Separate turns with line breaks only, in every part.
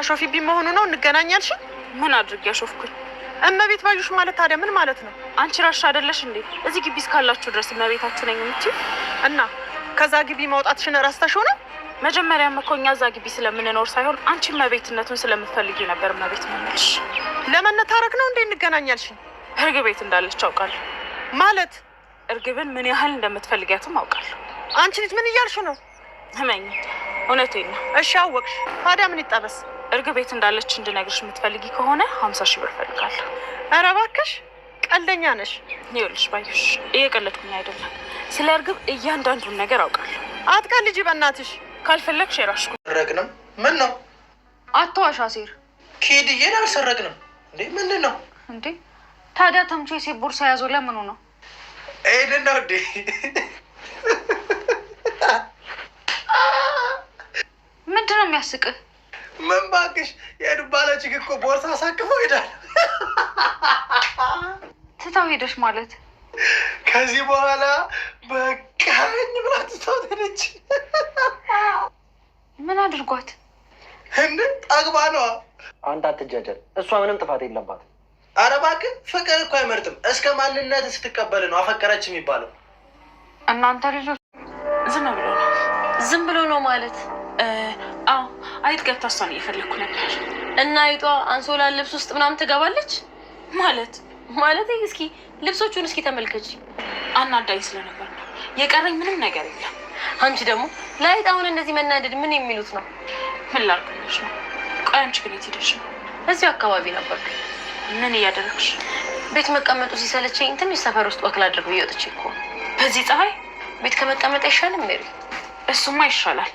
አሾፊብኝ መሆኑ ነው? እንገናኛልሽ። ምን አድርጌ አሾፍኩኝ? እመቤት ባዩሽ ማለት ታዲያ ምን ማለት ነው? አንቺ ራሽ አይደለሽ እንዴ? እዚህ ግቢ እስካላችሁ ድረስ እመቤታችሁ ነኝ የምትይው እና ከዛ ግቢ ማውጣትሽን ረስተሽ ሆነ? መጀመሪያም እኮ እኛ እዛ ግቢ ስለምንኖር ሳይሆን አንቺ እመቤትነቱን ስለምትፈልጊ ነበር እመቤት መመልሽ። ለመነታረክ ነው እንዴ? እንገናኛልሽ። እርግብ ቤት እንዳለች አውቃለሁ። ማለት እርግብን ምን ያህል እንደምትፈልጊያትም አውቃለሁ። አንቺ ልጅ ምን እያልሽ ነው? እመኝ፣ እውነቴን ነው። እሺ አወቅሽ። ታዲያ ምን ይጠበስ እርግ ቤት እንዳለች እንድነግርሽ የምትፈልጊ ከሆነ ሀምሳ ሺህ ብር እፈልጋለሁ። ኧረ እባክሽ ቀልደኛ ነሽ። ይኸውልሽ ባዩሽ፣ እየቀለድኩኝ አይደለም። ስለ እርግብ እያንዳንዱን ነገር አውቃለሁ። አትቀልጂ በእናትሽ። ካልፈለግሽ የራስሽ አልሰረቅንም። ምን ነው አትዋሽ አሴር። ኬድዬን አልሰረቅንም። እንዴ ምንድን ነው እንዴ? ታዲያ ተምቹ የሴት ቦርሳ ያዞ ለምኑ ነው? ይሄንን ነው እንዴ? ምንድን ነው የሚያስቅህ? ምን ባክሽ የዱባለ ችግ እኮ ቦርሳ አሳክፈው ሄዳል። ትታው ሄደች ማለት ከዚህ በኋላ በቃኝ ብላ ትታው ሄደች። ምን አድርጓት? እንደ ጠግባ ነዋ። አንተ አትጃጀል፣ እሷ ምንም ጥፋት የለባት። አረ እባክህ ፍቅር እኮ አይመርጥም። እስከ ማንነት ስትቀበል ነው አፈቀረች የሚባለው። እናንተ ልጆች ዝም ብሎ ነው ዝም ብሎ ነው ማለት አዎ አይጥ ገብታ እሷን እየፈለግኩ ነበር። እና አይጧ አንሶላ ልብስ ውስጥ ምናምን ትገባለች ማለት ማለት እስኪ ልብሶቹን እስኪ ተመልከች። አናዳኝ ስለነበር ነው የቀረኝ ምንም ነገር የለም። አንቺ ደግሞ ለአይጥ አሁን እንደዚህ መናደድ ምን የሚሉት ነው? ምን ላርገሽ ነው? ቆይ አንቺ ግን የት ሄደሽ ነው? እዚሁ አካባቢ ነበር። ምን እያደረግሽ? ቤት መቀመጡ ሲሰለቸኝ ትንሽ ሰፈር ውስጥ ወክል አድርግ ብዬ ወጥቼ እኮ። በዚህ ፀሐይ ቤት ከመቀመጥ አይሻልም? ሜሪ፣ እሱማ ይሻላል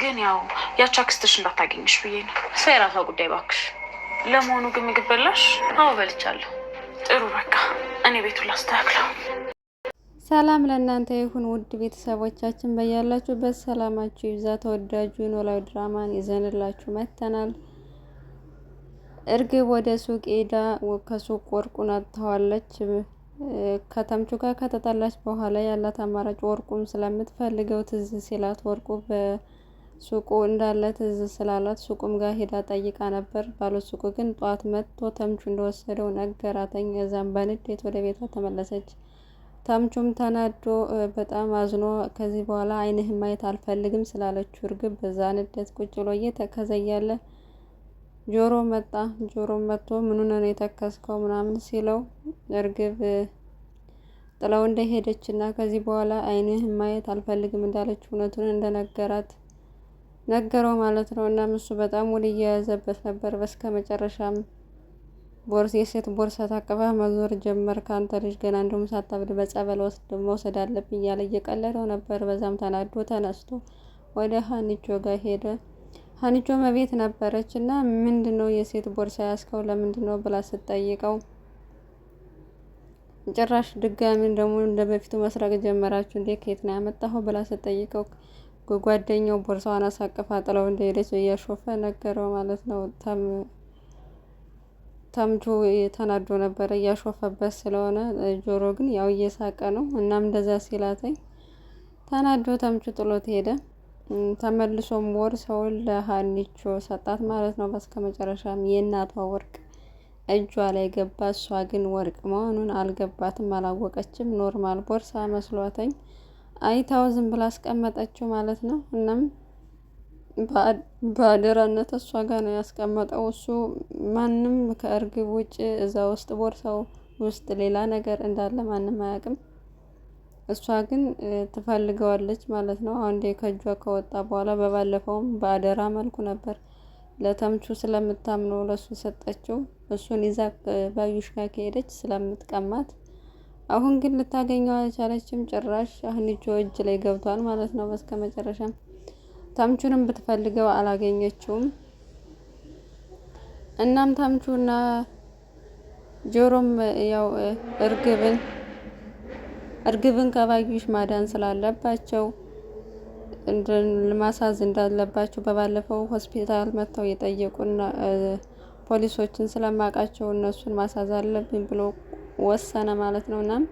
ግን ያው ያቻ ክስትሽ እንዳታገኝሽ ብዬ ነው። እሷ የራሷ ጉዳይ ባክሽ። ለመሆኑ ግን ምግብ በላሽ? አዎ በልቻለሁ። ጥሩ በቃ እኔ ቤቱን ላስተካክለው። ሰላም ለእናንተ ይሁን ውድ ቤተሰቦቻችን፣ በያላችሁበት ሰላማችሁ ይብዛ። ተወዳጁ ኖላዊ ድራማን ይዘንላችሁ መጥተናል። እርግብ ወደ ሱቅ ሄዳ ከሱቅ ወርቁን አጥተዋለች። ከተምቹ ጋር ከተጣላች በኋላ ያላት አማራጭ ወርቁን ስለምትፈልገው ትዝ ሲላት ወርቁ ሱቁ እንዳለ ትዝ ስላላት ሱቁም ጋር ሄዳ ጠይቃ ነበር። ባለ ሱቁ ግን ጠዋት መጥቶ ተምቹ እንደወሰደው ነገራተኝ። እዛም በንዴት ወደ ቤቷ ተመለሰች። ተምቹም ተናዶ በጣም አዝኖ ከዚህ በኋላ አይንህ ማየት አልፈልግም ስላለችው እርግብ በዛ ንዴት ቁጭ ብሎ እየተከዘያለ ጆሮ መጣ። ጆሮ መጥቶ ምኑን ነው የተከስከው ምናምን ሲለው እርግብ ጥለው እንደሄደች እና ከዚህ በኋላ አይንህ ማየት አልፈልግም እንዳለች እውነቱን እንደነገራት ነገረው ማለት ነው። እናም እሱ በጣም ውል እየያዘበት ነበር። በስከ መጨረሻም ቦርስ የሴት ቦርሳ ታቀፈ መዞር ጀመር። ከአንተ ልጅ ገና እንደውም ሳታብድ በጸበል ወስድ መውሰድ አለብኝ እያለ እየቀለደው ነበር። በዛም ተናዶ ተነስቶ ወደ ሀኒቾ ጋር ሄደ። ሀኒቾ መቤት ነበረች እና ምንድን ነው የሴት ቦርሳ ያስከው ለምንድን ነው ብላ ስትጠይቀው ጭራሽ ድጋሚ ደግሞ እንደ በፊቱ መስራቅ ጀመራችሁ እንዴ ከየት ነው ያመጣኸው ብላ ስትጠይቀው ጓደኛው ቦርሳዋን አሳቅፋ ጥለው እንደሄደች እያሾፈ ነገረው ማለት ነው። ተምቹ ተናዶ ነበረ እያሾፈበት ስለሆነ፣ ጆሮ ግን ያው እየሳቀ ነው። እናም እንደዛ ሲላተኝ ተናዶ ተምቹ ጥሎት ሄደ። ተመልሶም ቦርሳውን ለሀኒቾ ሰጣት ማለት ነው። በስከ መጨረሻም የእናቷ ወርቅ እጇ ላይ ገባ። እሷ ግን ወርቅ መሆኑን አልገባትም፣ አላወቀችም። ኖርማል ቦርሳ መስሏተኝ አይታው ዝም ብላ አስቀመጠችው ማለት ነው። እናም በአደራነት እሷ ጋር ነው ያስቀመጠው። እሱ ማንም ከእርግብ ውጭ እዛ ውስጥ ቦርሳው ውስጥ ሌላ ነገር እንዳለ ማንም አያውቅም። እሷ ግን ትፈልገዋለች ማለት ነው። አንዴ ከእጇ ከወጣ በኋላ በባለፈውም በአደራ መልኩ ነበር ለተምቹ ስለምታምነው ለሱ ሰጠችው። እሱን ይዛ ባዩሽ ጋር ከሄደች ስለምትቀማት አሁን ግን ልታገኘው አልቻለችም። ጭራሽ አህንቾ እጅ ላይ ገብቷል ማለት ነው። በስከ መጨረሻም ታምቹንም ብትፈልገው አላገኘችውም። እናም ታምቹና ጆሮም ያው እርግብን እርግብን ከባዩሽ ማዳን ስላለባቸው ማሳዝ እንዳለባቸው በባለፈው ሆስፒታል መጥተው የጠየቁና ፖሊሶችን ስለማውቃቸው እነሱን ማሳዝ አለብኝ ብሎ ወሰነ ማለት ነው። እናም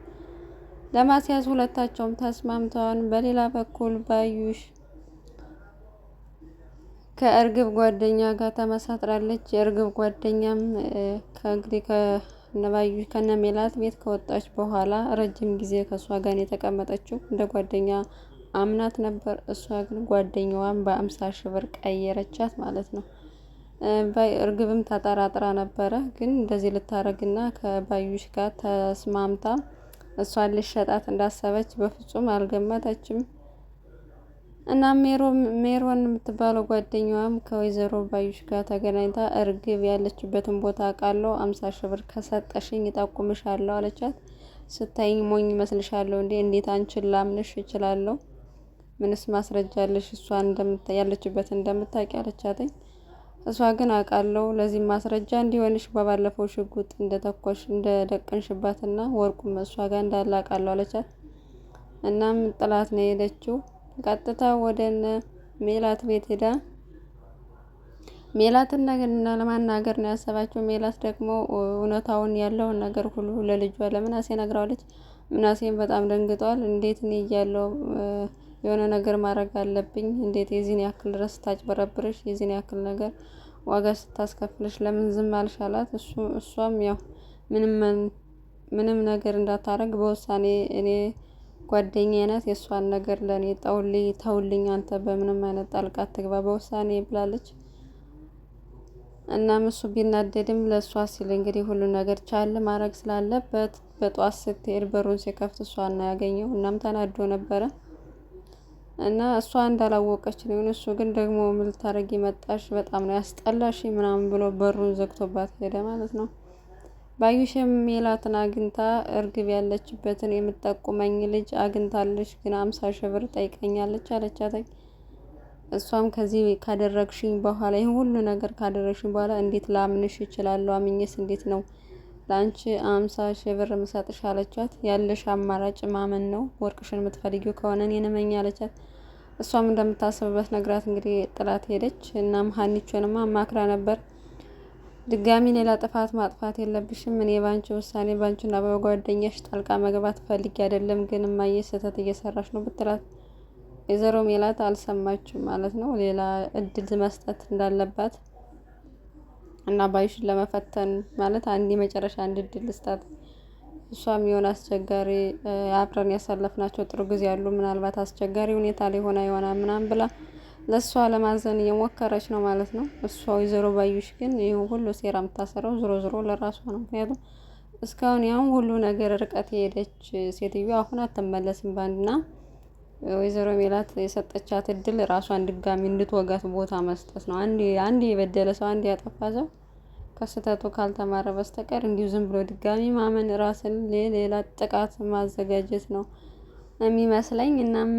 ለማስያዝ ሁለታቸውም ተስማምተዋል። በሌላ በኩል ባዩሽ ከእርግብ ጓደኛ ጋር ተመሳጥራለች። የእርግብ ጓደኛም ከእንግዲህ ከነባዩ ከነሜላት ቤት ከወጣች በኋላ ረጅም ጊዜ ከእሷ ጋር የተቀመጠችው እንደ ጓደኛ አምናት ነበር። እሷ ግን ጓደኛዋን በአምሳ ሺህ ብር ቀየረቻት ማለት ነው። ባይ እርግብም ተጠራጥራ ነበረ። ግን እንደዚህ ልታረግና ከባዩሽ ጋር ተስማምታ እሷን ልሸጣት እንዳሰበች በፍጹም አልገመተችም። እና ሜሮ ሜሮን የምትባለው ጓደኛዋም ከወይዘሮ ባዩሽ ጋር ተገናኝታ እርግብ ያለችበትን ቦታ አውቃለሁ፣ አምሳ ሺህ ብር ከሰጠሽኝ እጠቁምሻለሁ አለቻት። ስታይኝ ሞኝ እመስልሻለሁ እንዴ? እንዴት አንቺን ላምንሽ እችላለሁ? ምንስ ማስረጃ አለሽ እሷ ያለችበት እንደምታውቂ አለቻትኝ። እሷ ግን አውቃለሁ ለዚህ ማስረጃ እንዲሆንሽ በባለፈው ሽጉጥ እንደተኮሽ እንደደቀንሽባትና ወርቁም እሷ ጋር እንዳለ አውቃለሁ አለቻት። እናም ጥላት ነው የሄደችው። ቀጥታ ወደ እነ ሜላት ቤት ሄዳ ሜላትን ነገር ለማናገር ነው ያሰባቸው። ሜላት ደግሞ እውነታውን ያለውን ነገር ሁሉ ለልጇ ለምናሴ ነግረዋለች። ምናሴም በጣም ደንግጧል። እንዴት እኔ እያለው የሆነ ነገር ማድረግ አለብኝ። እንዴት የዚህን ያክል ድረስ ታጭበረብርሽ፣ የዚህን ያክል ነገር ዋጋ ስታስከፍልሽ ለምን ዝም አልሽ አላት። እሷም ያው ምንም ነገር እንዳታረግ በውሳኔ እኔ ጓደኛ ናት፣ የእሷን ነገር ለእኔ ተውልኝ ተውልኝ፣ አንተ በምንም አይነት ጣልቃ አትግባ በውሳኔ ብላለች። እናም እሱ ቢናደድም ለእሷ ሲል እንግዲህ ሁሉ ነገር ቻል ማድረግ ስላለበት በጠዋት ስትሄድ በሩን ሲከፍት እሷን ነው ያገኘው። እናም ተናዶ ነበረ። እና እሷ እንዳላወቀች ነው እሱ ግን ደግሞ ምን ልታረጊ መጣሽ? በጣም ነው ያስጠላሽ ምናምን ብሎ በሩን ዘግቶባት ሄደ ማለት ነው። ባዩሽም ሜላትን አግኝታ እርግብ ያለችበትን የምጠቁመኝ ልጅ አግኝታለች፣ ግን አምሳ ሺህ ብር ጠይቀኛለች አለቻተኝ። እሷም ከዚህ ካደረግሽኝ በኋላ ይህን ሁሉ ነገር ካደረግሽኝ በኋላ እንዴት ላምንሽ ይችላለሁ? አምኜስ እንዴት ነው ለአንቺ አምሳ ሺህ ብር ምሰጥሽ አለቻት። ያለሽ አማራጭ ማመን ነው። ወርቅሽን የምትፈልጊው ከሆነ እኔን እመኝ አለቻት። እሷም እንደምታስብበት ነግራት እንግዲህ ጥላት ሄደች። እናም ሀኒቾንማ አማክራ ነበር። ድጋሚ ሌላ ጥፋት ማጥፋት የለብሽም። እኔ ባንቺ ውሳኔ ባንቺና በጓደኛሽ ጣልቃ መግባት ፈልጌ አይደለም፣ ግን እማዬ ስህተት እየሰራሽ ነው ብትላት ወይዘሮ ሜላት አልሰማችም ማለት ነው። ሌላ እድል መስጠት እንዳለባት እና ባዩሽን ለመፈተን ማለት አንድ የመጨረሻ አንድ እድል ልስጣት። እሷም የሆነ አስቸጋሪ አብረን ያሳለፍናቸው ጥሩ ጊዜ ያሉ ምናልባት አስቸጋሪ ሁኔታ ላይ ሆና የሆና ምናምን ብላ ለእሷ ለማዘን እየሞከረች ነው ማለት ነው። እሷ ወይዘሮ ባዩሽ ግን ይህ ሁሉ ሴራ የምታሰረው ዝሮ ዝሮ ለራሷ ነው። ምክንያቱም እስካሁን ያም ሁሉ ነገር ርቀት የሄደች ሴትዮ አሁን አትመለስም ባንድና ወይዘሮ ሜላት የሰጠቻት እድል ራሷን ድጋሚ እንድትወጋት ቦታ መስጠት ነው። አንድ የበደለ ሰው አንድ ያጠፋ ሰው ከስህተቱ ካልተማረ በስተቀር እንዲሁ ዝም ብሎ ድጋሚ ማመን ራስን ለሌላ ጥቃት ማዘጋጀት ነው የሚመስለኝ። እናም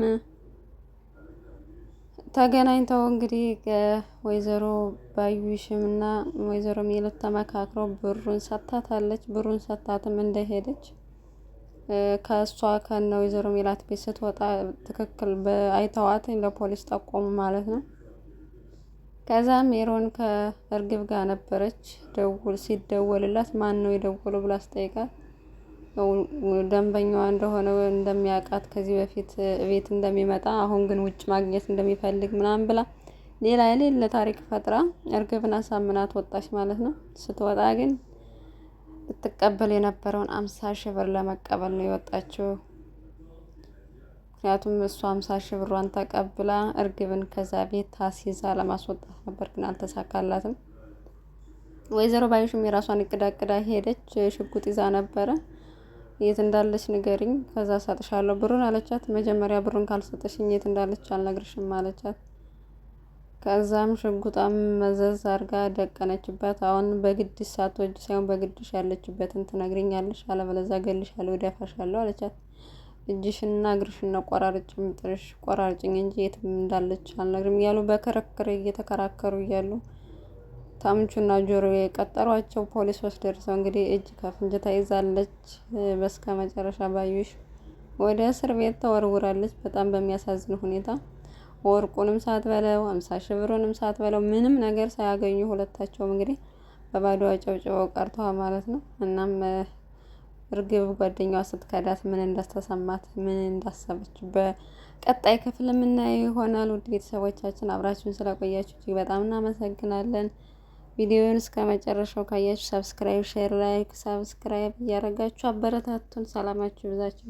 ተገናኝተው እንግዲህ ወይዘሮ ባዩሽም እና ወይዘሮ ሜላት ተመካክረው ብሩን ሰታታለች። ብሩን ሰታትም እንደሄደች ከእሷ ከነ ወይዘሮ ሜላት ቤት ስትወጣ ትክክል አይተዋት ለፖሊስ ጠቆሙ ማለት ነው። ከዛ ሜሮን ከእርግብ ጋር ነበረች። ደውል ሲደወልላት ማን ነው የደወሉ ብላ ስጠይቃት ደንበኛዋ እንደሆነ እንደሚያውቃት ከዚህ በፊት ቤት እንደሚመጣ አሁን ግን ውጭ ማግኘት እንደሚፈልግ ምናምን ብላ ሌላ የሌለ ታሪክ ፈጥራ እርግብን አሳምናት ወጣች ማለት ነው። ስትወጣ ግን ልትቀበል የነበረውን አምሳ ሺህ ብር ለመቀበል ነው የወጣችው። ምክንያቱም እሱ አምሳ ሺህ ብሯን ተቀብላ እርግብን ከዛ ቤት ታስይዛ ለማስወጣት ነበር፣ ግን አልተሳካላትም። ወይዘሮ ባዩሽም የራሷን እቅድ አቅዳ ሄደች። ሽጉጥ ይዛ ነበረ። የት እንዳለች ንገሪኝ፣ ከዛ ሰጥሻለሁ ብሩን አለቻት። መጀመሪያ ብሩን ካልሰጠሽኝ የት እንዳለች አልነግርሽም አለቻት። ከዛም ሽጉጣም መዘዝ አርጋ ደቀነችበት። አሁን በግድሽ ሳትወጂ ሳይሆን በግድሽ ያለችበትን ትነግሪኛለሽ፣ አለበለዚያ እገልሻለሁ፣ እደፋሻለሁ አለቻት። እጅሽና እግርሽና ቆራርጭም ጥርሽ ቆራርጭኝ እንጂ የትም እንዳለች አልነግርም እያሉ በክርክር እየተከራከሩ እያሉ ታምቹና ጆሮ የቀጠሯቸው ፖሊሶች ደርሰው እንግዲህ እጅ ከፍንጅ ተይዛለች። በስከ መጨረሻ ባዩሽ ወደ እስር ቤት ተወርውራለች በጣም በሚያሳዝን ሁኔታ። ወርቁንም ሳትበለው አምሳ ሺህ ብሩንም ሳትበለው ምንም ነገር ሳያገኙ ሁለታቸውም እንግዲህ በባዶ ጨብጭበው ቀርተዋል ማለት ነው። እናም እርግብ ጓደኛዋ ስትከዳት ምን እንዳስተሰማት ምን እንዳሰበች በቀጣይ ክፍል የምናየው ይሆናል። ውድ ቤተሰቦቻችን አብራችሁን ስለቆያችሁ እጅግ በጣም እናመሰግናለን። ቪዲዮውን እስከ መጨረሻው ካያችሁ ሰብስክራይብ፣ ሼር፣ ላይክ ሰብስክራይብ እያደረጋችሁ አበረታቱን። ሰላማችሁ ይብዛችሁ።